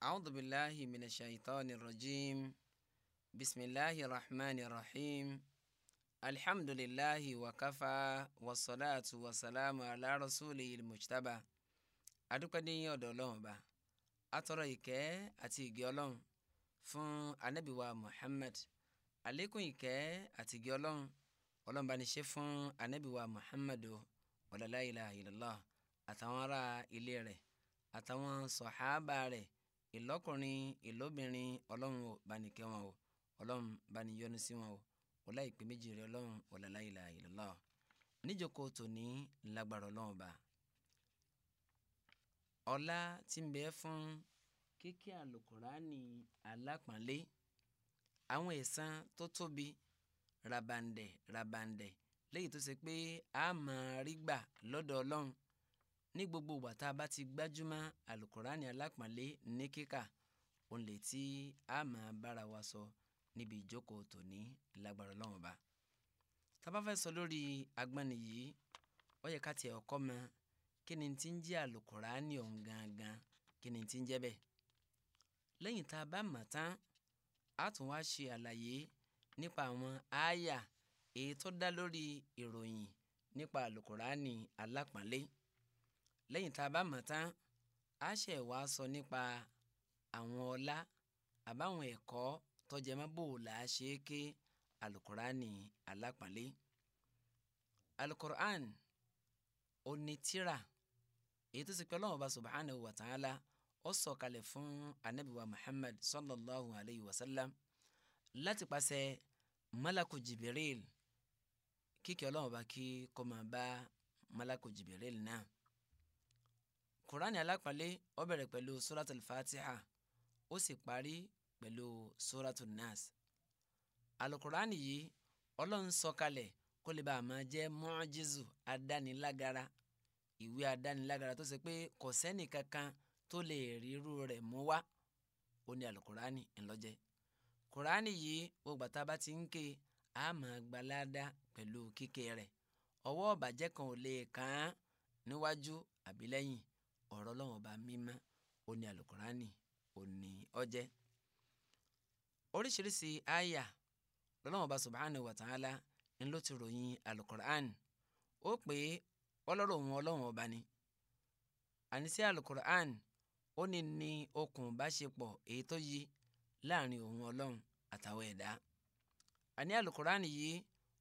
أعوذ بالله من الشيطان الرجيم بسم الله الرحمن الرحيم الحمد لله وكفى والصلاة والسلام على رسوله المجتبى adúpẹ́ ní ọ̀dọ̀ ọlọ́run ọba atọ́rọ ìkẹ́ àti ìgẹ́ ọlọ́run fún anábìwa Muhammad àlékún ìkẹ́ àti ìgẹ́ ọlọ́run ọlọ́run bá ní ṣe fún anábìwa Muhammad wa la ilaha illallah àtàwọn ará ilé rẹ̀ àtàwọn sọ̀hábà rẹ̀ ìlọ́kùnrin ìlóbìnrin ọlọ́run ò bá ní kẹ́ wọn o ọlọ́run bá ní yọ́nú sí wọn o ọlá ìpè méjì rẹ ọlọ́run ọ̀làlá ìlà ìlọ́lá níjókòó tòní lágbára ọlọ́run bá ọlá tí ń bẹ fún kíké àlùkùránì alápọ̀nlé àwọn ẹ̀san tó tóbi rabandẹ̀ rabandẹ̀ léyìí tó ṣe pé a máa rí gbà lọ́dọ̀ ọlọ́run ní gbogbo ìgbà tá a bá ti gbájúmọ́ alukurani alápọ̀nlé ní kíkà òun lè tí a máa bára wa sọ níbi ìjókòó tòní lágbára Ọlọ́run bá tá fẹ́ sọ lórí agbọ́nni yìí ó yẹ ká tiẹ̀ ọkọ́ mọ kí ni ti ń jẹ́ alukurani ọ̀hún gangan kí ni ti ń jẹ́ bẹ́ẹ̀ lẹ́yìn tá a bá mọ̀ tán a tún wá ṣe àlàyé nípa àwọn àáyà èyí tó dá lórí ìròyìn nípa alukurani alápọ̀nlé lẹ́yìn tá a bá mọ̀ tán a ṣe wá sọ nípa àwọn ọlá àbáwọn ẹ̀kọ́ tọ́jẹ́mọ́ bò là ṣe é ké alukurani alápọ̀nlé alukuran onítìrà èyí tó sì pé ọlọ́run ọba subhanahu wa ta'ala ó sọ̀kalẹ̀ fún anabiwa muhammad sallallahu alayhi wa sallam láti pàṣẹ malaku jibril kíkẹ́ ọlọ́run ọba kí kó máa bá malaku jibril náà kùránì alápàlẹ́ ó bẹ̀rẹ̀ pẹ̀lú suratul fatiha ó sì parí pẹ̀lú suratul nas alukùránì yìí ọlọ́run sọ̀kalẹ̀ kó lè bá a máa jẹ́ mọ́ọ́jísù adánilágara ìwé adánilágara tó ṣe pé kò sẹ́nì kankan tó lè rí irú rẹ̀ mú wá ó ní alukùránì ńlọ́jẹ́ kùránì yìí gbogbo àtà bá ti ń ké a máa gbalada pẹ̀lú kíké rẹ̀ ọwọ́ ọ̀bàjẹ́ kan ò lè kàn án níwájú àbí ọ̀rọ̀ ọlọ́run ọba mímọ́ òní alukurani òní ọjẹ́ oríṣiríṣi àyà lọ́lọ́run ọba subhanahu wa ta'ala ń ló ti ròyìn alukurani ó pè é ọlọ́rọ̀ òun ọlọ́run ọba ni àníṣe alukurani ó ní ní okùn ìbáṣepọ̀ èyí tó yí láàrin òun ọlọ́run àtàwọn ẹ̀dá àní alukur'an yìí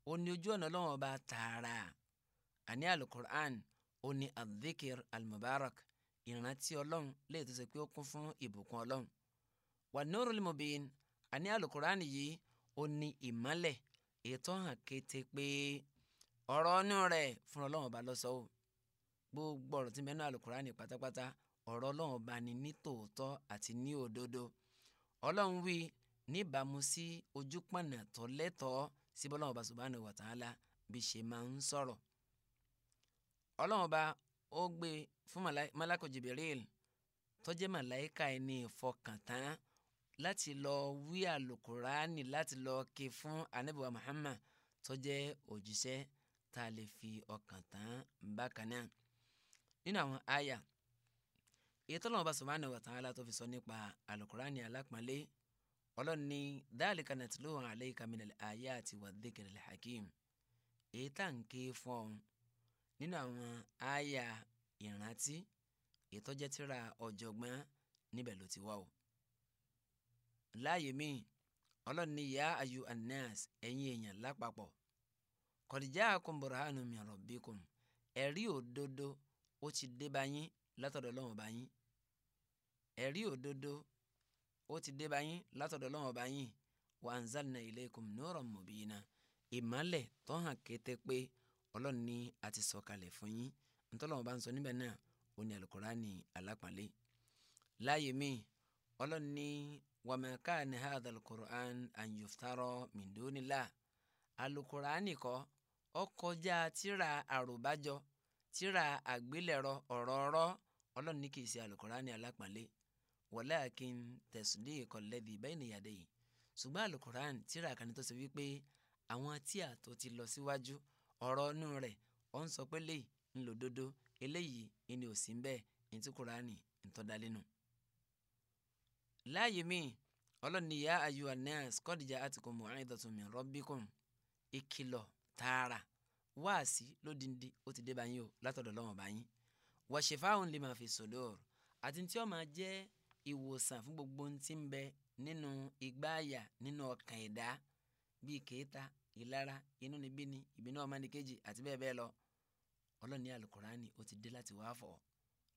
ó ní ojú ọ̀nà ọlọ́run ọba tààrà àní alukur'an ó ní adhikir almubarak ìrántí ọlọ́run léè tó ṣe pé ó kún fún ìbùkún ọlọ́run wà nurul mubin àní alukurani yìí ó ní ìmọ́lẹ̀ ètò hàn kété pé ọ̀rọ̀ ọ̀nù rẹ̀ fún ọlọ́run ọba lọ́sọ̀ o gbogbo ọ̀rọ̀ tí mẹ́nu alukurani pátápátá ọ̀rọ̀ ọlọ́run ọba ni ní tòótọ́ àti ní òdodo ọlọ́run wí níbàámu sí ojúpọ̀nà tó lẹ́tọ̀ọ́ síbi ọlọ́run ọba subhanahu wa ta'ala bí ṣe máa ń sọ̀rọ̀ ọlọ́run ọba ó gbé fún malako Jibril tó jẹ́ màláìka ẹni ìfọkàntán láti lọ wí àlùkùránì láti lọ ké fún anábìwá Muhammad tó jẹ́ òjíṣẹ́ tá a lè fi ọkàn tán bákan náà nínú àwọn àyà èyí tọ́lọ́wọ́n bá subhanahu wa ta'ala tó fi sọ nípa alukurani alápọ̀nlé ọlọ́run ní dhalika natluhu alayka minal ayati wa dhikril hakim èyí tá à ń ké fún nínú àwọn àyà ìrántí ìtọ́jẹ́ tíra ọ̀jọ̀gbọ́n níbẹ̀ ló ti wá o. láàyè míì ọlọ́run ní ya ayu anas ẹ̀yin èèyàn lápapọ̀ kọ̀díjà àkùnbọ̀rọ̀ àánú mi ọ̀rọ̀ bí kùn ẹ̀rí òdodo ó ti dé báyìí látọ̀dọ̀ Ọlọ́run báyìí ẹ̀rí òdodo ó ti dé báyìí látọ̀dọ̀ Ọlọ́run báyìí wa anzalna ilaykum nuran mubina ìmọ́lẹ̀ tó hàn kété pé ọlọ́run ní a ti sọ kalẹ̀ fún yín ntọ́lọ́run bá ń sọ níbẹ̀ náà ó ní alukurani alápàlẹ́ láàyè mi ọlọ́run ní wàmẹ́ká ni hadha alukuran an yuftara min dunillah alukurani kọ́ ó kọjá tíra àròbájọ tíra àgbélẹ̀rọ ọ̀rọ̀ọ̀rọ̀ ọlọ́run ní kì í ṣe alukurani alápàlẹ́ walakin tasdiqa alladhi bayna yadayhi ṣùgbọ́n alukuran tíra kan tó ṣe wípé àwọn tí àtọ̀ ti lọ síwájú ọ̀rọ̀ inú rẹ̀ ó ń sọ pé léyìí ń lò dodo eléyìí ìní ò sí bẹ́ẹ̀ ntí kuraani ntọ́dalénu. láàyè mi ọlọ́ni ya ayu anas kọ́dìjà àtìkù mu'idatun min rabbikum ìkìlọ̀ tààrà wáàsí lódìndí ó ti dé báyìí o látọ̀dọ̀ lọ́wọ́ báyìí wa shifa'un lima fi sudur àti tí ó máa jẹ́ ìwòsàn fún gbogbo ohun tí ń bẹ nínú igbáàyà nínú ọkàn ẹ̀dá bíi kèéta ìlara inú níbí ni ìbínú ọmọnìkejì àti bẹ́ẹ̀ bẹ́ẹ̀ lọ ọlọ́run alukurani ó ti dé láti wàá fọ̀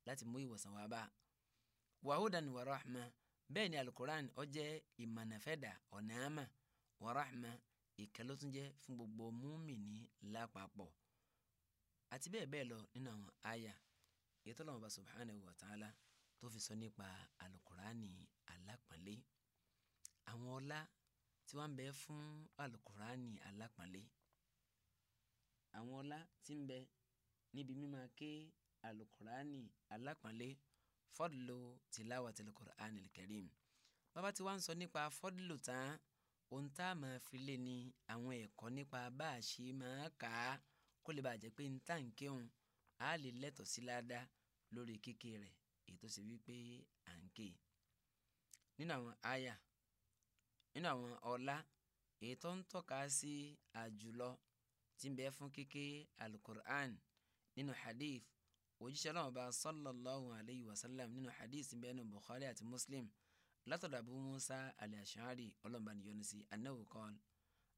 láti mú ìwòsàn wá bá a wàhúdàn wa rahma bẹ́ẹ̀ ni alukurani ó jẹ́ ìmọ̀nàfẹ́dà ọ̀nààmà wa rahma ìkẹ́ló tún jẹ́ fún gbogbo múmìnì lápapọ̀ àti bẹ́ẹ̀ bẹ́ẹ̀ lọ nínú àwọn àyà èyí tó subhanahu wa ta'ala tó fi sọ nípa alukurani alápọ̀nlé àwọn ọlá tí wọ́n ń bẹ fún alukurani alápọ̀nlé àwọn ọlá tí ń bẹ níbi mímá ké alukurani alápọ̀nlé fọ́dùlù tìláwà tìlùkùránì kẹrìm bàbá tí wọ́n ń sọ nípa fọ́dùlù tán ohun tá a máa fi lé ní àwọn ẹ̀kọ́ nípa bá a ṣe máa kà á kó lè bàjẹ́ pé ń tà kéwọn á lè lẹ́tọ̀ọ́ sí ládàá lórí kíké rẹ̀ èyí wípé à ń ké nínú àwọn àyà nínú àwọn ọlá èyí tó ń tọ́ka sí àjùlọ tí ń bẹ fún kíké alukur'an nínú hadith òjíṣẹ́ ọlọ́run bá sallallahu alayhi wa sallam nínú hadith ń bẹ nínú bukhari àti muslim látọ̀dọ̀ abu musa al-ash'ari ọlọ́run bá níyọnu sí anáwó kọ́l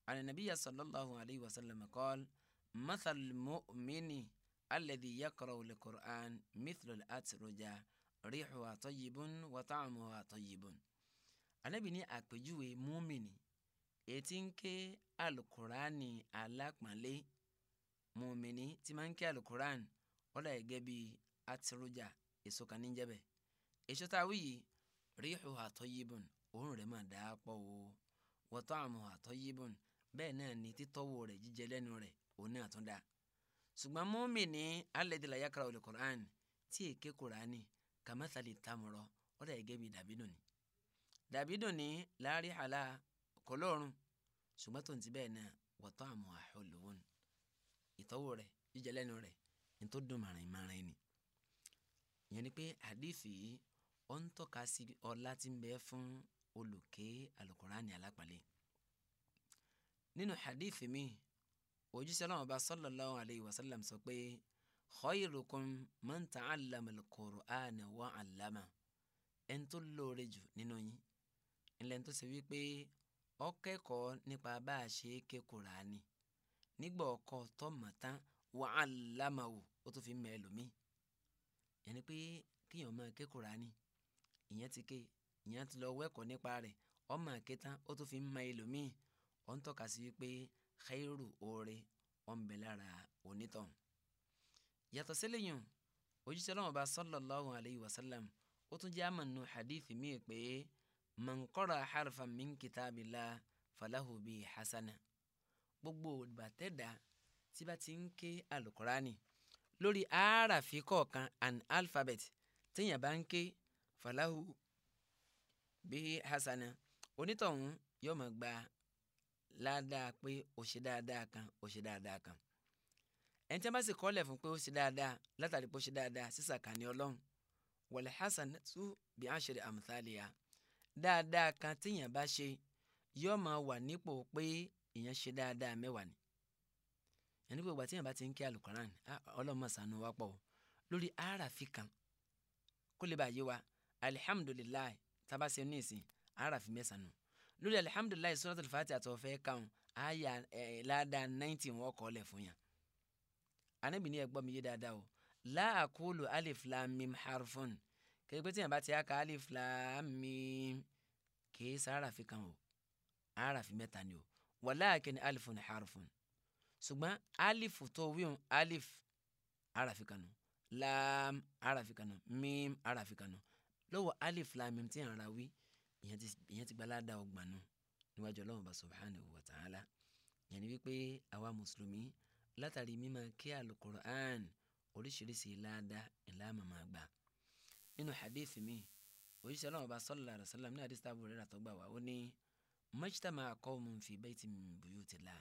àni nàbíyà sallallahu alayhi wa sallam kọ́l mathal mu'mini alladhi yaqra'u al-qur'an mithlul atroja rihuha tayyibun wa ta'muha tayyibun. Ta anabi ní àpèjúwe múmìnì ètí ń ké alukuraani alápọ̀nlé múmìnì tí máa ń ké alukuraani ọ̀là ẹ̀gẹ́ bíi atiruja èso kan níjẹ́bẹ̀ èso tá a wí yìí ríhù àtọ́yìbùn òórùn rẹ̀ máa dáa pọ̀ o wọ́tọ́ àmọ́ àtọ́yìbùn bẹ́ẹ̀ náà ni títọ́wò rẹ̀ jíjẹ lẹ́nu rẹ̀ òun náà tún dáa ṣùgbọ́n múmìnì alẹ́dìlá yàkàrà olùkọ́rán tí èké kùránì kàmáṣálì tamọ̀rọ̀ ọ̀dà ẹ̀gẹ́ bíi dàbínù ni dàbídùn ní láàrin àlà kọlọ́ọ̀rùn ṣùgbọ́n tó ń ti bẹ́ẹ̀ náà wọ́tọ́ àmọ́ àhọlùwọ́n ìtọ́wò rẹ̀ jíjẹ lẹ́nu rẹ̀ ní tó dùn màrìn màrìn ni. ìyẹn ni pé àdìsí yìí ó ń tọ́ka sí ọlá tí ń bẹ fún olùké alukurani alápàlẹ́ nínú hadithi mi ojúṣe aláwọn ọba sallallahu alayhi wa sallam sọ pé khayrukum man ta'allama al-Qur'ana wa 'allama lóore jù nínú yín ńlẹ́ tó ṣe wípé ó kẹ́kọ̀ọ́ nípa bá a ṣe ké Kùránì nígbà ọkọ tọmọ tán wà á lámàwò ó tó fi mọ ẹlòmíì yẹn ni pé kíyàn máa ké Kùránì ìyẹn ti ké ìyẹn ti lọ wẹ́kọ̀ọ́ nípa rẹ̀ ọmọ àké ó tó fi mọ ẹlòmíì ó ń tọ́ka sí wípé khairu oore ó ń bẹ lára onítọ̀hún yàtọ̀ sílẹ̀yìn Òjíṣẹ́ Ọlọ́run bá sallallahu alayhi wa sallam ó tún jẹ́ àmọ̀ nù hadith míì pé mọ̀nkọ́ra harfa min kitabillah falahu bi hasana gbogbo ìgbàtẹ́dà tí bá ti ń ké alukurani lórí aarafi kọ̀ọ̀kan an alphabet tíyàn bá ń ké falahu bi hasana onítọ̀hún yóò máa gba ládàá pé ó ṣe dáadáa kan ó ṣe dáadáa kan ẹni tí a bá sì kọ́lẹ̀ fún pé ó ṣe dáadáa látàrí pé ó ṣe dáadáa sísàkàní ọlọ́run wal hasanatu bi ashri amthaliha dáadáa kan tíyàn bá ṣe yóò máa wà nípò pé ìyẹn ṣe dáadáa mẹ́wàá ni ẹni pé ìgbà tíyàn bá ti ń kí alukoran ah, ọlọ́mọsánú wa pọ̀ lórí aráàfin kan kó lè bá yé wa alihamudulilayi tábà ṣe ní ìsìn aráàfin mẹ́sàn-án lórí alihamudulilayi suratul Fatiha àtọ̀fẹ́ kan àyà ládàá náìtì wọn kọ́ lẹ̀ fún yàn anábìíní ẹ̀gbọ́n mi yé dáadáa o láàkúlù alif lam mim harfun kí pé tíyẹn bá ti aka alif lam mim kì í sára fi kan o ara fi mẹ́ta ni o walakin alifun harfun ṣùgbọ́n alif tó wíwọ̀n alif ara fi kan nù lam ara fi kan nù mim ara fi kan nù lọ́wọ́ alif lam mim tíyẹn ara wí ìyẹn ti gbalá da ọgbà nù níwájú ọlọ́run subhanahu wa ta'ala yẹn ni wípé àwa mùsùlùmí látàrí mímọ̀ kí alukur'an oríṣiríṣi láàdá ńlá màmá gbà nínú hadith mi òjíṣẹ́ ọlọ́run ọba sallallahu alaihi wasallam ní hadith tábù rẹ̀ rà tó gbà wá ó ní majtama'a qawmun fi baytin min buyutillah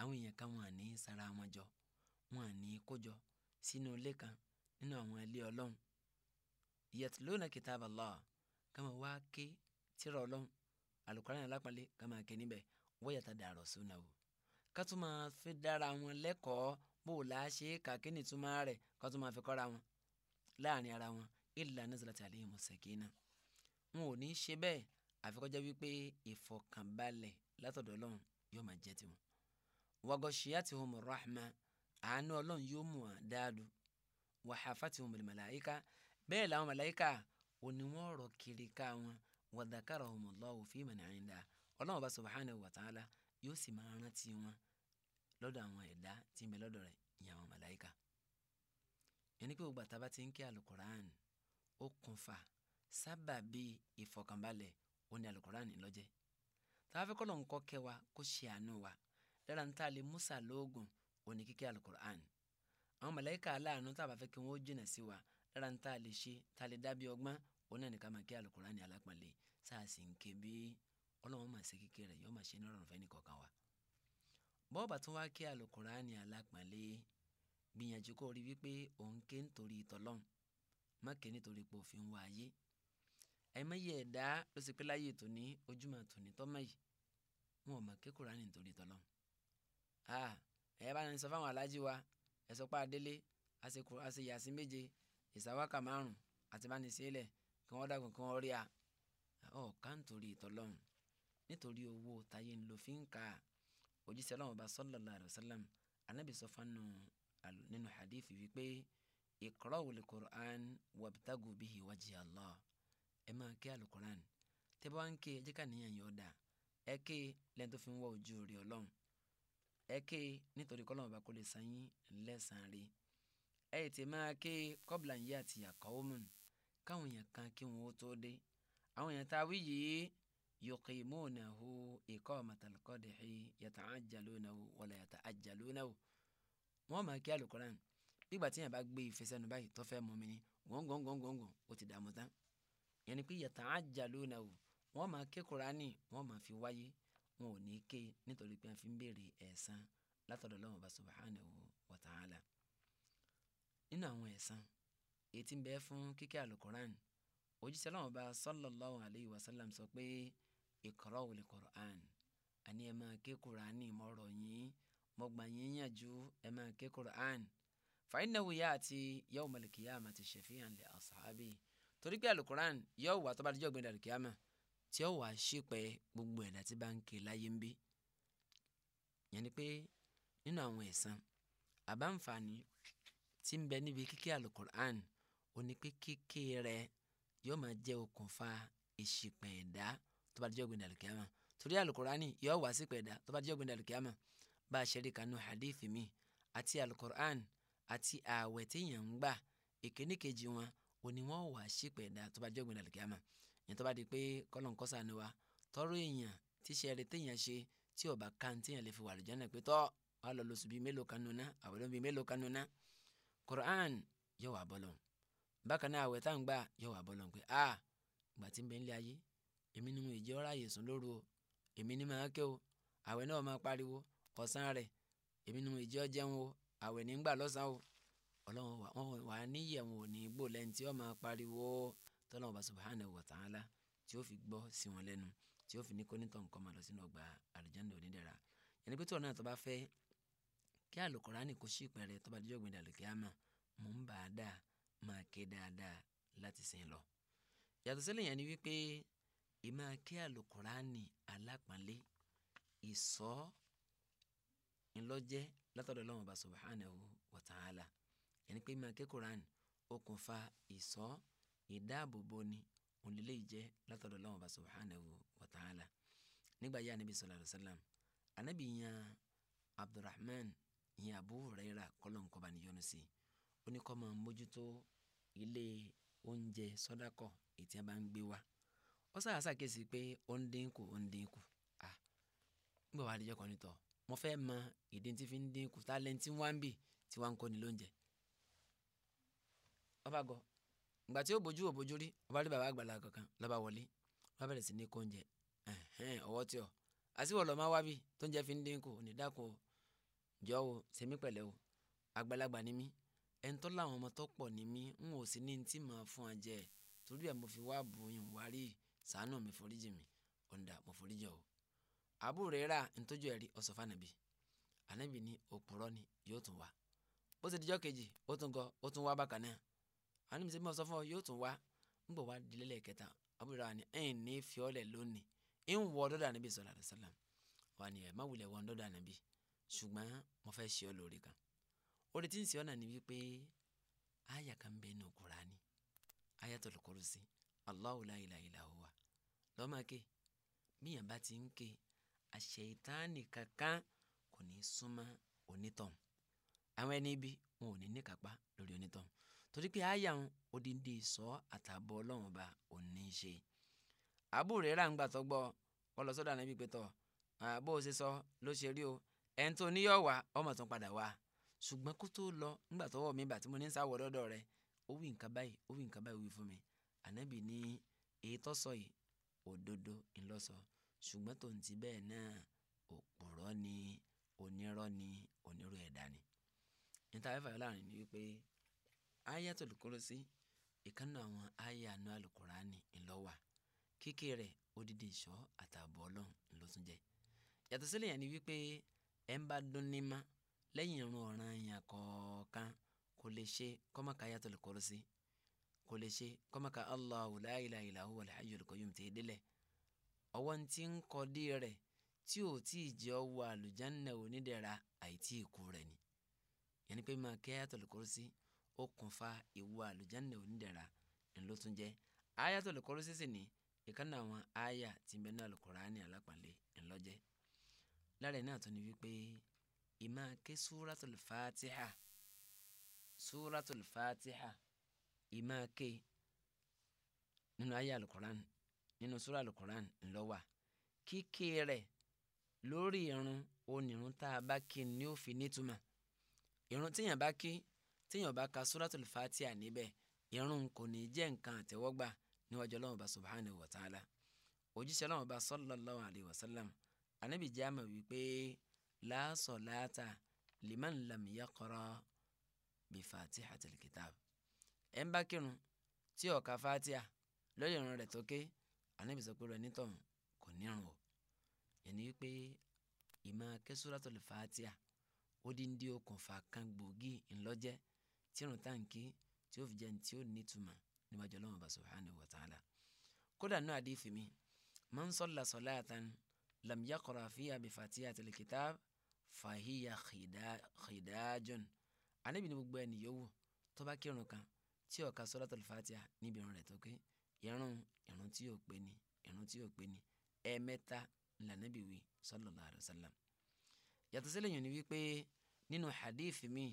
àwọn èèyàn kan wọn à ní sara wọn jọ wọn à ní kójọ sínú ilé kan nínú àwọn ilé ọlọ́run yatluna kitab Allah kama wá ké tírà ọlọ́run Al-Qur'an alápàlẹ́ kama ké níbẹ̀ wa yatadarasunahu ká tún máa fi dára wọn lẹ́kọ̀ọ́ bó o láá ṣe é kà kí rẹ̀ ká fi kọ́ra wọn láàrin ara wọn illa nazalat alayhim sakina wọn ò ní í ṣe bẹ́ẹ̀ àfi kó jẹ́ wípé ìfọ̀kànbalẹ̀ látọ̀dọ̀ ọlọ́run yóò máa jẹ́ tiwọn. waghashiyatuhum rahma àánú ọlọ́run yóò mú wọn dáadu wa hafatihumul màláyíká bẹ́ẹ̀ làwọn màláyíká òní kiri ká wọn wa dhakarahumullahu fi man inda ọlọ́run bá subhanahu wa ta'ala yóò sì máa rántí wọn lọ́dọ̀ àwọn ẹ̀dá tí ń bẹ lọ́dọ̀ rẹ̀ ìyàwó màláyíká. yẹn ni okùnfà sábàbí ìfọ̀kànbalẹ̀ òní alukóraani lọ́jẹ́ tààfẹ́ kọ́ lọ́n kọ́ kẹwa kó ṣe àánú wa lára ń tàlẹ́ musa lóògùn òní kíkẹ́ alukóraani àwọn màláíkà aláàánú tàbá fẹ́ kí wọ́n jìnà sí wa lára ń tàlẹ́ ṣe tàlẹ́ dábí ọgbọ́n òní ànìkà máa kí alukóraani alápọ̀nlé sáàsì ń ké bí ọlọ́wọ́n máa ṣe kíkẹ́ rẹ̀ yọ́ máa ṣe ní ọ̀rọ̀ fẹ́ni kọ̀ọ̀kan wa bọ́ọ̀bà tún wá kí alukóraani alápọ̀nlé gbìyànjú kó rí wípé òun ké ń torí tọ́lọ́run má ké nítorí pé òfin wá ayé àìmọye ẹ̀dá ló sì pé láyé tòní ojúmọ́ tòní tọ́mọ yìí wọn ò mọ̀ ké Kùránì nítorí tọ́lọ́ ah, ẹ bá ní sọ fáwọn alájí wa ẹ sọ pé adélé àṣe yàsí méje ìsàwákà márùn àti báni sílẹ̀ kí wọ́n dàgbọ̀n kí wọ́n rí a ọ̀ ká nítorí tọ́lọ́run nítorí owó táyé ń fi ń ka òjíṣẹ́ Ọlọ́run ọba sallallahu alaihi wasallam anábì sọ nínú hadith wípé iqra'ul Qur'an wabtagu bihi wajhi Allah ẹ máa kí alukur'an tẹ́ bá ń ké ẹ jẹ́ ká níyàn yọ̀ ọ́dà ẹ ké lẹ́yìn tó fi ń wọ ojú rí ọlọ́run ẹ ké nítorí kọ́lọ́mù bá kó lè san yín lẹ́sàn-án rí ẹ tì máa ké kọ́bìlà yìí àti yaqawmun káwọn èèyàn kan kí wọn tó dé àwọn èèyàn tá a wí yìí yuqimunahu iqamatal qadhi yata'ajjalunahu wala yata'ajjalunahu wọ́n máa ké alukur'an nígbà tí yẹn bá gbé ife sẹ́nu báyìí tó fẹ́ mú mi ni gọ́ngọ́ngọ́ngọ́ngọ́n ó ti dààmú tán yẹn ni pé yàtà ájà lónà o wọ́n máa ké Kùránì wọ́n máa fi wáyé wọn ò ní ké nítorí pé a fi ń béèrè ẹ̀san látọ̀dọ̀ Ọlọ́hun bá subhanahu wa ta'ala nínú àwọn ẹ̀san ètí ń bẹ fún kíké alukoran òjíṣẹ́ Ọlọ́hun bá sallallahu alayhi wa sallam sọ pé iqra'ul Qur'an àní ẹ máa ké Kùránì mọ̀rọ̀ yín mọ̀gbà yín yànjú ẹ máa ké Kùránì fàáyínàwó yá àti yawm al-qiyamah ti shafi'an li ashabi torí pé alukuran yóò wà tó bá dijọ́ gbẹ̀dẹ̀ alikiyama tí ó wàá ṣípẹ́ gbogbo ẹ̀dá tí bá ń ké láyé ń bí yẹn ni pé nínú àwọn ẹ̀san àbáǹfààní tí ń bẹ níbi kíké alukur'an ó ní pé kíké rẹ̀ yóò máa jẹ́ okùnfà ìṣìpẹ̀ ẹ̀dá tó bá dijọ́ gbẹ̀dẹ̀ alikiyama torí alukur'ani yóò wàá ṣípẹ̀ ẹ̀dá tó bá dijọ́ gbẹ̀dẹ̀ alikiyama bá a ṣe rí kanú hadith mi àti alukur'an àti ààwẹ̀ téèyàn ń gbà èkéníkejì wọn òní wọn wà sípè tó bá jọgbìn dàlùkì àmà yẹn tó bá di pé kọlọ̀ nǹkan sànù wa tọrọ èèyàn tíṣẹ́ rẹ téèyàn ṣe tí ọba kan téèyàn lè fi wà lójú ọ̀nà pé tọ́ wà lọ lóṣù bíi mélòó kan nùnà àwòrán bíi mélòó kan nùnà Quran yóò wà bọ́lọ̀ bákan náà àwẹ̀ tá ń gbà yóò wà bọ́lọ̀ pé a gbà tí ń bẹ ńlẹ̀ ayé èmi ni mo ìjẹ́ ọ́ ráàyè àwẹ̀ nígbà lọ́sàn-án o ọlọ́run wọn wà níyẹ̀ wọn ò ní gbò lẹ́yìn tí ó máa pariwo tọ́lọ́run bá subhanahu wa ta'ala tí ó fi gbọ́ sí wọn lẹ́nu tí ó fi ní kónítọ̀ nǹkan máa lọ sínú ọgbà àlùjáde onídẹ̀ra yẹn ni pé tọ́lọ́run náà tó bá fẹ́ kí àlùkùránì kò sí ìpẹrẹ tó bá dijọ́ gbẹ̀dẹ̀ àlùkìyámà mò ń bà á dáa máa ké dáadáa láti sìn lọ. yàtọ̀ sílẹ̀ yẹn ni wípé ìmáa látọ̀dọ̀ Ọlọ́run Ọba subhanahu wa ta'ala ẹni pé máa ké Quran okùnfà ìṣọ́ ìdáàbòbò ni òǹlẹ́lẹ́ ìjẹ́ látọ̀dọ̀ Ọlọ́run Ọba subhanahu wa ta'ala nígbà yá anabi sallallahu alayhi wa sallam anabi yan Abdurrahman yan Abu Huraira kọlọ́nkọba níyọnu sí ó ní kó máa mójútó ilé oúnjẹ sọ́dákọ̀ ètí a bá ń gbé wa ó sáà sàkíyèsí pé ó ń dínkù ó ń dínkù ah ń gbọ́ wàá díjọ́ kan nítọ̀ọ́ mo fẹ́ mọ ìdí tí fi ń dín kù tálẹ́ǹtì wá ń bì tí wá ń kọ́ni lóúnjẹ. ọba gọ ìgbà tí ó bójú ò bójú rí ọba rí bàbá àgbàlá kankan lọ́ba wọlé wọ́n bẹ̀rẹ̀ sí ní kó oúnjẹ ọwọ́ tí ọ àsìwọ̀ lọ́ọ́ máa wá bí tó ń jẹ́ fi ń dín kù ní dáko o sèmi pẹ̀lẹ́ o àgbàlagbà ni mí ẹ̀ńtọ́ làwọn ọmọ tó pọ̀ ní mí ń wò sí ní tí màá fún ọ torí ẹ̀ mo fi wá bòyìn wárí sàánù mi foríjì mi ọ̀ǹda mo foríjì o àbúrẹ́rà ntoju ẹ̀rí ọ̀sọ̀fà nàbì anabi ní ni yóò tún wá bó ti dijọ́ kejì ó tún kọ ó tún wá bákan náà fún ọ yóò tún wá ń bọ̀ wá dilẹ́lẹ̀ kẹta ni ẹ̀yìn ní fiọ́lẹ̀ lónìí ń wọ dọ́dọ̀ ànábì sọ̀rọ̀ àdàsálàm wà ní ẹ̀ má wulẹ̀ ṣùgbọ́n mo ọ lórí kan orí tí ń ṣe ni wípé àyà kan bẹ ké àṣeyìtáàní kankan kò ní súnmọ́ onítọ̀hún àwọn ẹni ibi wọn ò ní níkàpá lórí onítọ̀hún torí pé àyà wọn odindi sọ àtàbọ̀ ọlọ́run ọba òní ṣe Abu Huraira ń gbà tó gbọ́ ọ lọ sọ́dọ̀ ànábì pẹ̀tọ̀ àbó ṣe sọ ló ṣe rí o ẹni tó ní yọ̀ wá ọmọ tó ń padà wá ṣùgbọ́n kó tó lọ ńgbà tọwọ́ mi bà tí mo ní ń sáwọ́ dọ́dọ̀ rẹ ó wí nǹkan báyìí ó wí nǹkan báyìí wí fún mi ànábì ní èyí tó sọ yìí òdodo ńlọsọ ṣùgbọ́n tòun ti bẹ́ẹ̀ náà òpùrọ́ ni onírọ́ ni onírọ́ ẹ̀dá ni níta fẹ́fà yọ láàrin ni wípé Ayatul Kursi ìkànnà àwọn aya àánú alukurani ńlọ́wà kíkẹ́ rẹ̀ odidi ìṣọ́ àtààbọ̀ ọlọ́run ńlọ́túnjẹ́ yàtọ̀ sílẹ̀ yẹn ni wípé ẹ̀ ń bá dún ní ma lẹ́yìn irun ọ̀ràn yẹn kọ̀ọ̀kan kò lè ṣe kọ́mọ̀ká Ayatul Kursi kò lè ṣe kọ́mọ̀ká Allahu la ilaha illa huwa al-hayyul qayyum tẹ́ délẹ̀ ọwọ́ ń ti ń kọ́dí rẹ̀ tí ò tí ì jẹ́ ọwọ́ àlùjánnà onídẹ̀ra àìtí ikú rẹ̀ ni yẹnni pé máa kẹ́ Ayatul Kursi okùnfà ìwọ àlùjánnà onídẹ̀ra ńlọ tún jẹ́ Ayatul Kursi sì ni ìkànnì àwọn àyà tí ń bẹ nínú Al-Qur'ani lára ẹ̀ náà wípé ìmá ké Suratul Fatiha Suratul Fatiha ìmá nínú àyà al nínú sura alukoran ńlọ́wà kíkí rẹ̀ lórí irun onírun tá a bá kí ni ó fi nítumọ̀ irun tíyàn bá kí tíyàn bá ka suratul fatiha níbẹ̀ irun kò ní jẹ́ nǹkan àtẹ́wọ́gbà níwájú ọlọ́run bá subhanahu wa ta'ala òjíṣẹ́ ọlọ́run bá sallallahu alayhi wa sallam anabi jama wípé la salata liman lam yaqra bi fatihatil kitab ẹ̀ ń bá kírun tí ó ka fatiha lórí irun rẹ̀ tó ké anabi sọ pé rẹ nítọ̀hún kò nírun o yẹnni wípé ìmọ̀ kẹsùrátọ̀lù fàtíà ó dín dín okùnfà kan gbòógì ńlọ́jẹ́ tírun táǹkì tí ó fi jẹun tí ó nítumọ̀ níwájú ọlọ́run bá subhanahu wa ta'ala kódà náà àdé fèmí man salla salatan lam yaqra fiha bi fatihatil kitab fahiya khidajun anabi ní gbogbo ẹni yòówù tó bá kírun kan tí ó ka suratul fatiha níbi irun rẹ̀ tó ké irun ìrun tí yóò pé ni ìrun tí yóò pé ni ẹ̀ẹ̀mẹ́ta ńlá Nábì wí sallallahu alayhi wa sallam yàtọ̀ sílẹ̀ yìí ni wípé nínú hadith mi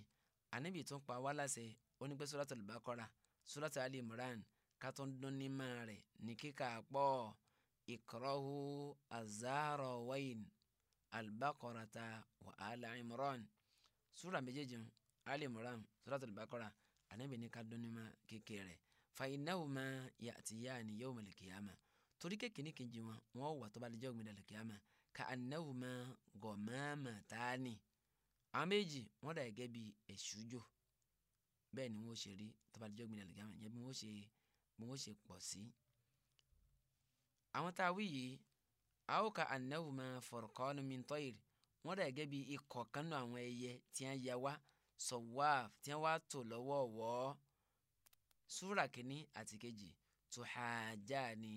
Ànábì tún pa wá láṣẹ ó ní pé suratul Baqara suratul Ali Imran kátó ń dún ní máa rẹ̀ ní kíkà pọ̀ ikrahu az-Zahrawayn al wa Ala Imran sura méjèèjì Ali Imran suratul Baqara Ànábì ní ká dún ní máa kékeré fàyínáwòmá yàtìyáni yawm al torí kékeré kejì wọn wọn wà tó bá dijọ́ gbin al-qiyama ka anáwòmá gọ̀máàmà tání àwọn méjì wọn dà gẹ́gẹ́ bí èṣùjò bẹ́ẹ̀ ni wọ́n ṣe rí tó bá dijọ́ gbin al-qiyama yẹn bí wọ́n ṣe bí wọ́n ṣe pọ̀ sí. àwọn tá a wí yìí àwọn ka anáwòmá furqanu min tayr wọn dà gẹ́gẹ́ bí ikọ̀ kanú àwọn ẹyẹ tí wọ́n ya wá sọ̀wáf tí wọ́n wá tò lọ́wọ́ wọ́ọ́ súrà kìíní àti kejì ni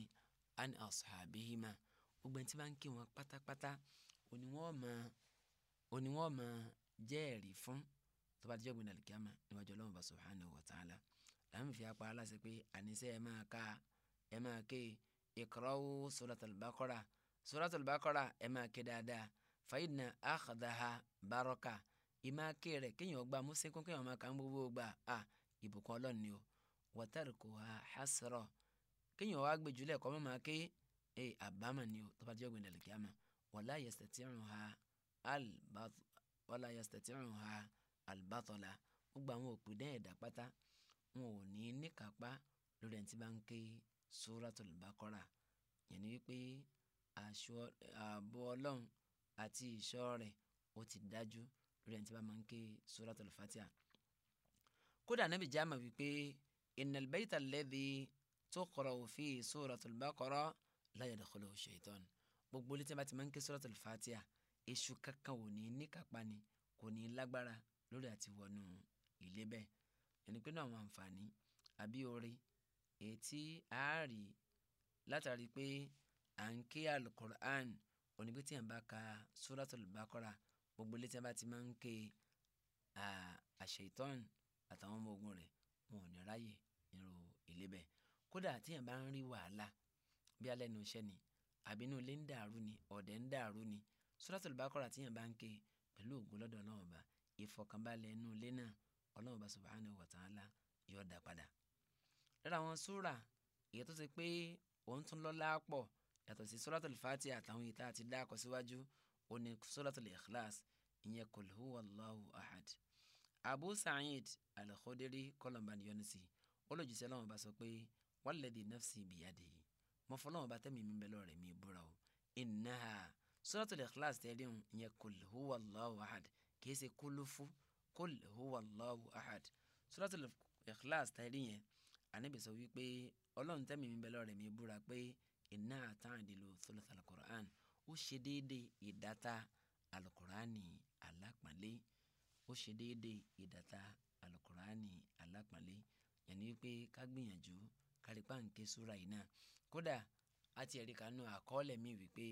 an ashabihima gbogbo ẹni tí wọ́n ń kí wọn pátápátá òní wọ́n máa òní jẹ́ẹ̀rí fún tó bá ti jẹ́ gbìyànjú níwájú ọlọ́run bá subhanahu wa ta'ala làwọn fi apá aláṣẹ pé àníṣe ẹ máa ka ẹ máa ké iqra'u suratul baqara suratul baqara ẹ máa ké dáadáa fàyínà akhdaha baraka ìmáa ké rẹ̀ kéèyàn gba mú sẹ́kún kéèyàn máa ka ń gbogbo gbà á ìbùkún ọlọ́run ni o wọ́tàrìkù ha hasrọ̀ kéèyàn wá gbé jùlẹ̀ kọ́ mọ́mọ́ ké e àbámọ̀ ni o tọ́ba jẹ́ ògbìn àlùkìyàmà wọ́lá yẹsẹ̀tìrún ha wọ́lá yẹsẹ̀tìrún ha albatọ́la gbogbo àwọn òpin dẹ́n ẹ̀dá pátá wọn ò ní níkàápá lórí ẹni tí bá ń ké suratul baqara yẹn ni wípé ààbò ọlọ́run àti ìṣọ́ rẹ̀ ó ti dájú lórí ẹni tí bá máa ń ké suratul fatiha kódà Ànábì jáàmà wípé إن البيت الذي تقرأ فيه سورة البقرة لا يدخله الشيطان gbogbo ilé tí a bá ti máa ń ké suratul Fatiha èṣù kankan ò ní níkàpá ni kò ní lágbára lórí àti wọnú ilé bẹ́ẹ̀ ẹni pé náà àwọn àǹfààní àbí orí ètí àárí látàrí pé à ń ké alukur'an onígbé tí a bá ka suratul Baqara gbogbo ilé tí a bá ti máa ń ké àṣetán àtàwọn ọmọ ogun rẹ̀ wọn ò ní ráyè nírú ilé bẹ́ẹ̀ kódà tíyẹn bá ń rí wàhálà bí alẹ́nu iṣẹ́ ni àbí inú ilé ń dàrú ni ọ̀dẹ̀ ń dàrú ni Suratul Baqara tíyẹn bá ń ké pẹ̀lú ògùn lọ́dọ̀ Ọlọ́run Ọba ìfọ̀kànbalẹ̀ inú ilé náà Ọlọ́run Ọba Subhanahu wa Ta'ala yóò dá padà. lára àwọn súrà èyí tó ṣe pé òun tún lọ́lá pọ̀ yàtọ̀ sí Suratul Fatiha àtàwọn èyí tá a ti dá akọ síwájú òní Suratul Ikhlas ìyẹn Qul huwa Abu Sa'id Al-Khudri kọlọmbani yọnisi olójúṣe ọlọ́run bá sọ pé walladhi nafsi biyadihi mo fọlọ́run bá tẹ́mi mi bẹ́ẹ̀ lọ́rẹ̀ mi búra o innaha suratul ikhlas tẹ́lẹ̀ ń yẹ kul huwa allahu ahad kìí ṣe kulufu kul huwa allahu ahad suratul ikhlas tẹ́lẹ̀ yẹn ànábì sọ wípé ọlọ́run tẹ́mi mi bẹ́ẹ̀ lọ́rẹ̀ mi búra pé innaha ta'dilu thuluthal qur'an ó ṣe déédéé ìdáta alukurani alápàlẹ́ ó ṣe déédéé ìdáta alukurani alápàlẹ́ yẹn ni pé ká gbìyànjú kárípà ń ké súra yìí náà kódà a ti ẹ̀rí kanú àkọọ́lẹ̀ mi wípé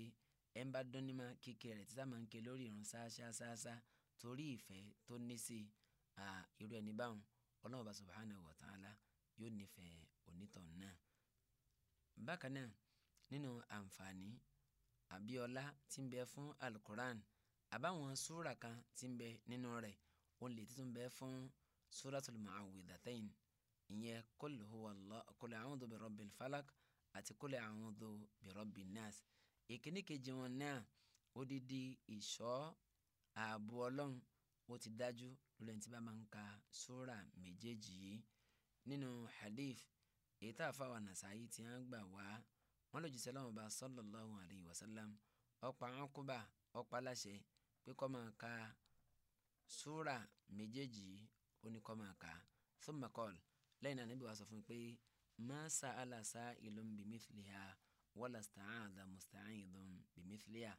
ẹ̀ ń bá dánimá kíkẹ́ rẹ̀ títà máa ń ké lórí ìrun ṣáṣáṣáṣá torí ìfẹ́ tó ní sí irú ẹni báwọn ọlọ́run bá subhanahu wa ta'ala yóò nífẹ̀ẹ́ onítọ̀hún náà. bákan náà nínú àǹfààní àbíọ́lá tí ń bẹ fún alukuran àbáwọn súra kan tí ń bẹ nínú rẹ̀ òun lè tuntun bẹ fún súratul mu'awwidhatayn ìyẹn kólé huwa Allah kólé a'udhu bi rabbil falak àti kólé a'udhu bi rabbin nas ìkíní kejì wọn náà odidi ìṣọ́ ààbò ọlọ́run ó ti dájú lórí ẹni tí bá máa ń ka súrà méjèèjì yìí nínú hadith èyí tá a fa wa nàṣàyí tí wọ́n gbà wá wọ́n lòdì sí ọba sallallahu alayhi wa sallam ọ̀pá ọ̀nkúbà ọ̀pá láṣẹ pé kó máa ka súrà méjèèjì ó ní kó máa ka thumma lẹ́yìn náà níbi wàá sọ fún mi pé má sa alasa ìlún bimithliha wala sta'adha musta'idun bimithliha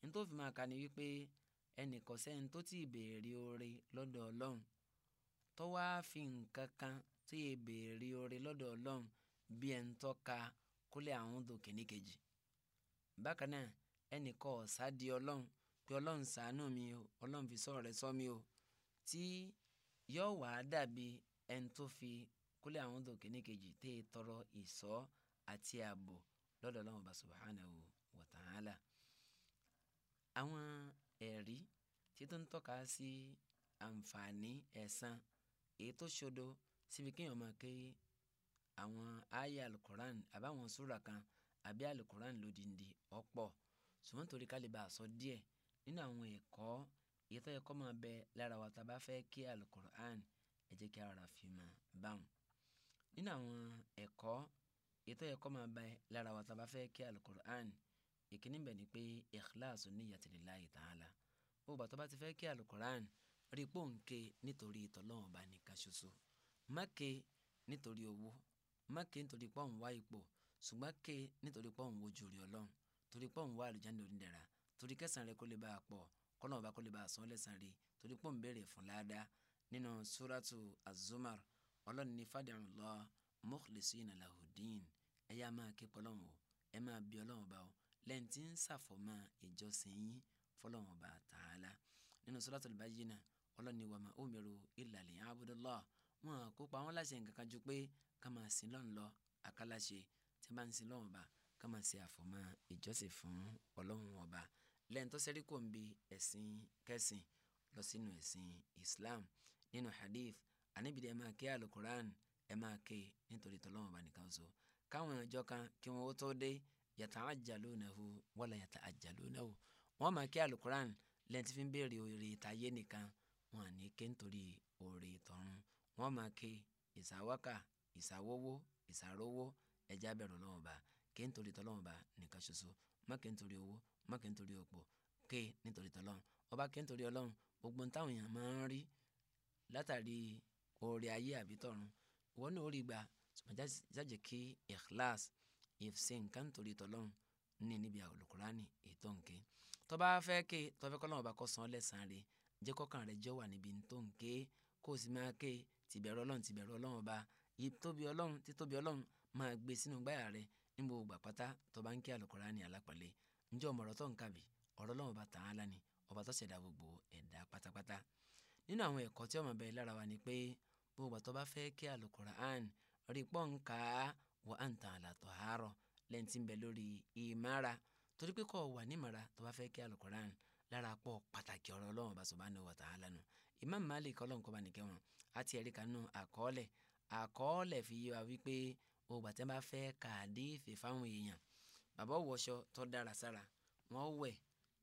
nítorí fi máa ka ni wípé ẹnìkan sẹ́ni tó ti béèrè oore lọ́dọ̀ ọlọ́run tó wáá fi nǹkan kan tí ì béèrè oore lọ́dọ̀ ọlọ́run bí ẹ̀ ń tọ́ka kólé àwọn tó kìíní bákan náà ẹnìkan ọ̀sá di ọlọ́run pé ọlọ́run ṣàánú mi ọlọ́run fi sọ̀rọ̀ sọ mi o tí yóò wá dàbí ẹni tó fi kúlẹ̀ àwọn dòkè ní kejì tẹ́ ẹ tọrọ ìṣọ́ àti ààbò lọ́dọ̀ Ọlọ́hun Ọba subhanahu wa ta'ala. àwọn ẹ̀rí tí tó ń tọ́ka sí àǹfààní ẹ̀san èyí tó ṣodo síbi kéèyàn máa ké àwọn àyà alukoran àbáwọn súra kan àbí alukoran lódìndí ọ̀pọ̀ ṣùgbọ́n torí ká sọ díẹ̀ nínú àwọn ẹ̀kọ́ èyí tó yẹ kó máa bẹ lára wa tá a bá fẹ́ ké alukoran ẹ jẹ́ kí ara fi mọ̀ báwọn. nínú àwọn ẹ̀kọ́ ètò ẹ̀kọ́ máa bá ẹ lára wa tá fẹ́ kí alukur'an ìkíní bẹ̀ ni pé ikhlasu niyyati lillahi ta'ala ó bàtọ́ bá ti fẹ́ kí alukur'an rí pòǹke nítorí t'Ọlọ́hun Ọba nìkan ṣoṣo má ké nítorí owó má ké nítorí pọ́ùn wá ipò ṣùgbọ́n ké nítorí pọ́ùn wojú rí ọlọ́run torí pọ́ùn wá àlùjáde onídẹ̀ra torí kẹsàn-án rẹ kó lè bá a pọ̀ kọ́nà ọba kó lè bá a sàn lẹ́sàn-án rí torí pọ́ùn béèrè fún ládàá nínú suratu azumar ọlọ́run ní fad'u Allah mukhlisina lahudin ẹ yá máa ké pọ́lọ́run o ẹ máa bí ọlọ́run bá o lẹ́yìn tí ń ṣàfọ̀mọ́ ìjọsìn yín fọlọ́run bá ta'ala nínú suratul bayyina ọlọ́run ní wa ma umiru illa liya'budullah wọn kó pa wọn láṣẹ nǹkan kan ju pé ká máa sin lọ́run lọ àkàláṣe tí bá ń sin lọ́run bá ká máa ṣe àfọ̀mọ́ ìjọsìn fún ọlọ́run ọba lẹ́yìn tó ṣẹ́rí kò ń bi ẹ̀sìn kẹ́sìn lọ sínú ẹ̀sìn Islam nínú hadith ànábìdí ẹ máa ké alukuran ẹ máa ké nítorí tọ́lọ́wọ́n bá nìkan so káwọn ọjọ́ kan kí wọ́n ó tó dé yata'ajjalunahu wala yata'ajjalunahu wọ́n máa ké alukuran lẹ́yìn tí fi ń béèrè oore ìtayé nìkan wọn à ní ké nítorí oore ìtọ̀run wọ́n máa ké ìsàwákà ìsàwówó ìsàrówó ẹja bẹ̀rù lọ́wọ́n bá ké nítorí tọ́lọ́wọ́n bá nìkan ṣoṣo má ké nítorí owó má ké nítorí òpó ké nítorí tọ́lọ́wọ́n ọba ké nítorí ọlọ́run gbogbo táwọn èèyàn máa ń rí látàrí oore ayé àbí tọ̀run ìwọ náà ó rí gbà ṣùgbọ́n kí ikhlas ìfṣe nǹkan torí tọ́lọ́run ní níbi àlùkùránì ètò nké tó bá fẹ́ ké tó fẹ́ kọ́lọ́run bá kọ́ san lẹ́sàn-án rẹ̀ jẹ́ kọ́kàn rẹ̀ jọ wà níbi tó nké kó o sì máa ké tìbẹ̀rẹ̀ ọlọ́run tìbẹ̀rẹ̀ ọlọ́run ọba títóbi ọlọ́run títóbi ọlọ́run máa gbé sínú gbáyà rẹ̀ ní gbogbo pátá tó ń ké àlùkùránì alápàlẹ́ ǹjẹ́ ọmọ ọ̀rọ̀ tó ń kàbí ọ̀rọ̀ ọlọ́run ọba tàn án lá ọba tó ṣẹ̀dá gbogbo ẹ̀dá pátápátá nínú àwọn ẹ̀kọ́ tí ó máa bẹ lára wa ni pé gbogbo àtọ́ bá fẹ́ kí alukur'an rí pọ́ ń kà á wọ àǹtà àlàtọ̀ àárọ̀ lẹ́yìn tí ń bẹ lórí ìmára torí pé kọ́ wà nímọ̀ra tó bá fẹ́ kí alukur'an lára pọ̀ pàtàkì ọ̀rọ̀ ọlọ́run bá subhanahu wa ta'ala nù Imam Malik ọlọ́run kọ́ bá nìkẹ́ wọn àti ẹ̀rí kanú àkọọ́lẹ̀ àkọọ́lẹ̀ fi yé wa wípé gbogbo àtẹ́ bá fẹ́ kàdífì fáwọn èèyàn bàbá wọṣọ tó dára sára wọ́n wẹ̀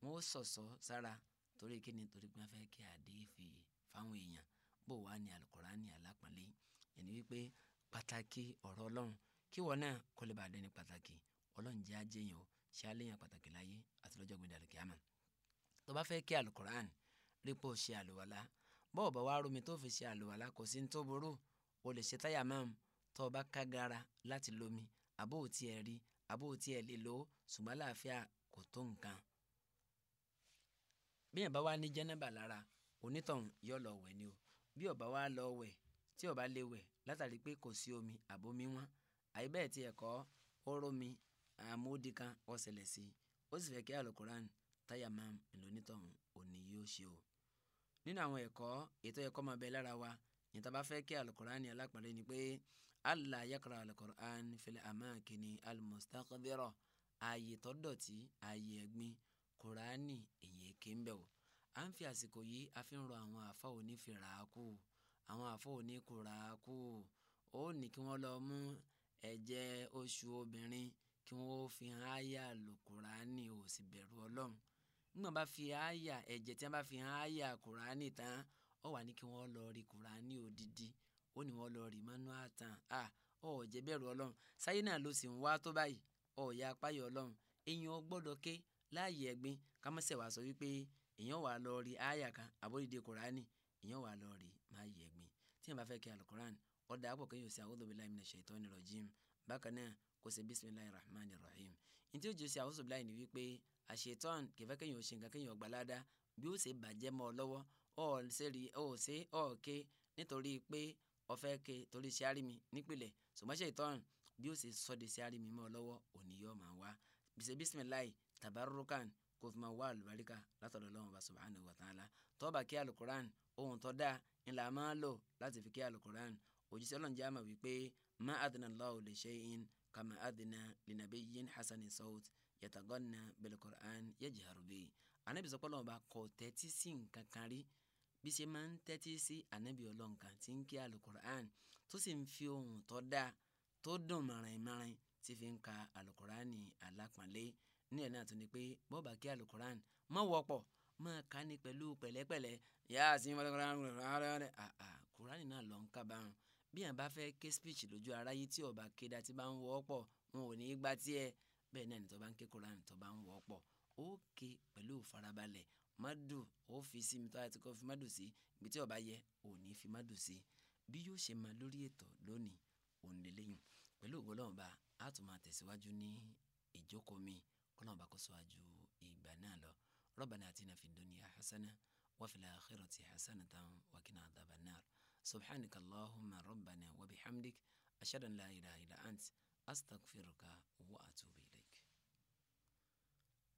wọ́n sọ̀sọ́ sára torí kíni torí pé wọ́n fẹ́ kí àdífì fáwọn èèyàn bó wàá ní alukurani alápọ̀nlé ẹni wípé pàtàkì ọ̀rọ̀ ọlọ́run kí wọn náà kó lè bá a dẹni pàtàkì ọlọ́run jẹ́ ajéyàn o ṣé aléyàn pàtàkì láyé àti lọ́jọ́ gbẹ̀dẹ̀ àlùkìyàmà tó bá fẹ́ kí alukurani rípò ṣe àlùwàlá bọ́ọ̀ bá wá rómi tó fi ṣe àlùwàlá kò sí ní tó burú o lè ṣe táyà máa mu tó o bá kágara láti lomi àbó òtí rí àbó òtí lè lo ṣùgbọ́n láàfíà kò tó nǹkan bí yẹn bá wá ní jẹ́nẹ́bà lára onítọ̀hún yọ lọ wẹ̀ ni o bí ó bá wá lọ wẹ̀ tí ó bá lè wẹ̀ látàrí pé kò sí omi àbomi wọn àyè bẹ́ẹ̀ tiẹ̀ kọ́ oró mi àmúdi kan ọ̀sẹ̀lẹ̀ sí i ó sì fẹ́ kí alukoran táyà máa ń lò nítọ̀hún òní yóò ṣe o nínú àwọn ẹ̀kọ́ ètò ẹ̀kọ́ máa bẹ lára wa yẹn tá a bá fẹ́ kí alukoran alápàdé ni pé allah yakra alukoran fẹlẹ amáàkìní almustakadero ààyè tó dọ̀tí ààyè ẹ̀gbin kuraani èyí èké ń bẹ̀ o à ń fi àsìkò yìí a fi ń rọ àwọn àfa òní fi rà á kú àwọn àfa òní kò rà á kú ó ní kí wọ́n lọ mú ẹ̀jẹ̀ oṣù obìnrin kí wọ́n fi hàn áyà lùkùránì ò sì bẹ̀rù ọlọ́run nígbà bá fi áyà ẹ̀jẹ̀ tí wọ́n bá fi hàn áyà kùránì tán ó wà ní kí wọ́n lọ rí kùránì òdìdí ó ní wọ́n lọ rí manual tán à ó jẹ́ bẹ̀rù ọlọ́run sáyé náà ló sì ń wá tó báyìí ó yá apáyọ̀ ọlọ́run èèyàn gbọ́dọ̀ ké láàyè ẹ̀gbin kámọ́sẹ̀ wàá sọ wípé èèyàn wà lọ rí àyà kan àbóríde kùránì èèyàn wà lọ rí má yẹ gbin tí èèyàn bá fẹ́ kí alukuran ọ̀dà àpò kéèyàn sí a'udhu billahi minash shaitani rajim bákan náà kò sí bisimilahi rahman rahim ní tí ó jẹ́ sí a'udhu billahi ni wípé àṣetán kìfẹ́ kéèyàn ò ṣe nǹkan kéèyàn ọgbàládá bí ó ṣe bàjẹ́ mọ́ ọ lọ́wọ́ ọ̀ ṣe ọ̀ọ́kẹ́ nítorí pé ọ̀fẹ́ ke torí ṣe àrími nípìnlẹ̀ ṣùgbọ́n ṣetán bí ó ṣe sọ́de ṣe àrími mọ́ ọ lọ́wọ́ òní yóò máa wá bísí tabarukan kó fi máa wá àlùbáríkà látọ̀dọ̀ Ọlọ́run bá subhanahu wa ta'ala tó bá kí alukoran ohun tó dáa ńlá máa lò láti fi kí alukoran òjíṣẹ́ Ọlọ́run jẹ́ àmà wípé má adìna Allahu li shay'in kàmá adìna linabiyyin hasanin sawt yàtàgọ́nà bilkoran yajharu bi anabi sọpọ́ lọ́wọ́ bá kọ́ tẹ́tí sí nǹkan kan rí bí ṣe máa ń tẹ́tí sí anabi ọlọ́nkan tí ń kí alukoran tó sì ń fi ohun tó dáa tó dùn mọ̀rìnmọ̀rìn tí ní ẹ̀ náà tún ni pé bọ́ọ̀bà kí alukoran má wọ́pọ̀ má ka ní pẹ̀lú pẹ̀lẹ́pẹ̀lẹ́ yá sí kúránì náà lọ ń kábàárùn bí yàn bá fẹ́ ké speech lójú aráyé tí ọba kéda ti bá ń wọ́pọ̀ wọn ò ní í gbá tiẹ̀ bẹ́ẹ̀ náà ni tó bá ń ké kúránì tó bá ń wọ́pọ̀ ó ké pẹ̀lú farabalẹ̀ mádùn ó fi sí mi tó àti kọ́ fi mádùn sí ibi tí ọba yẹ ò ní fi mádùn sí bí yóò ṣe máa lórí ètò lónìí òun pẹ̀lú ògbólọ́wọ́n bá tún máa tẹ̀síwájú ní ìjókòó mi kọ́nà bá kó síwájú ìgbà náà lọ Rabbana atina fid dunya hasana wa fil akhirati hasanatan wa qina adhaban nar subhanaka Allahumma rabbana wa bihamdik ashhadu an la ant astaghfiruka wa atubu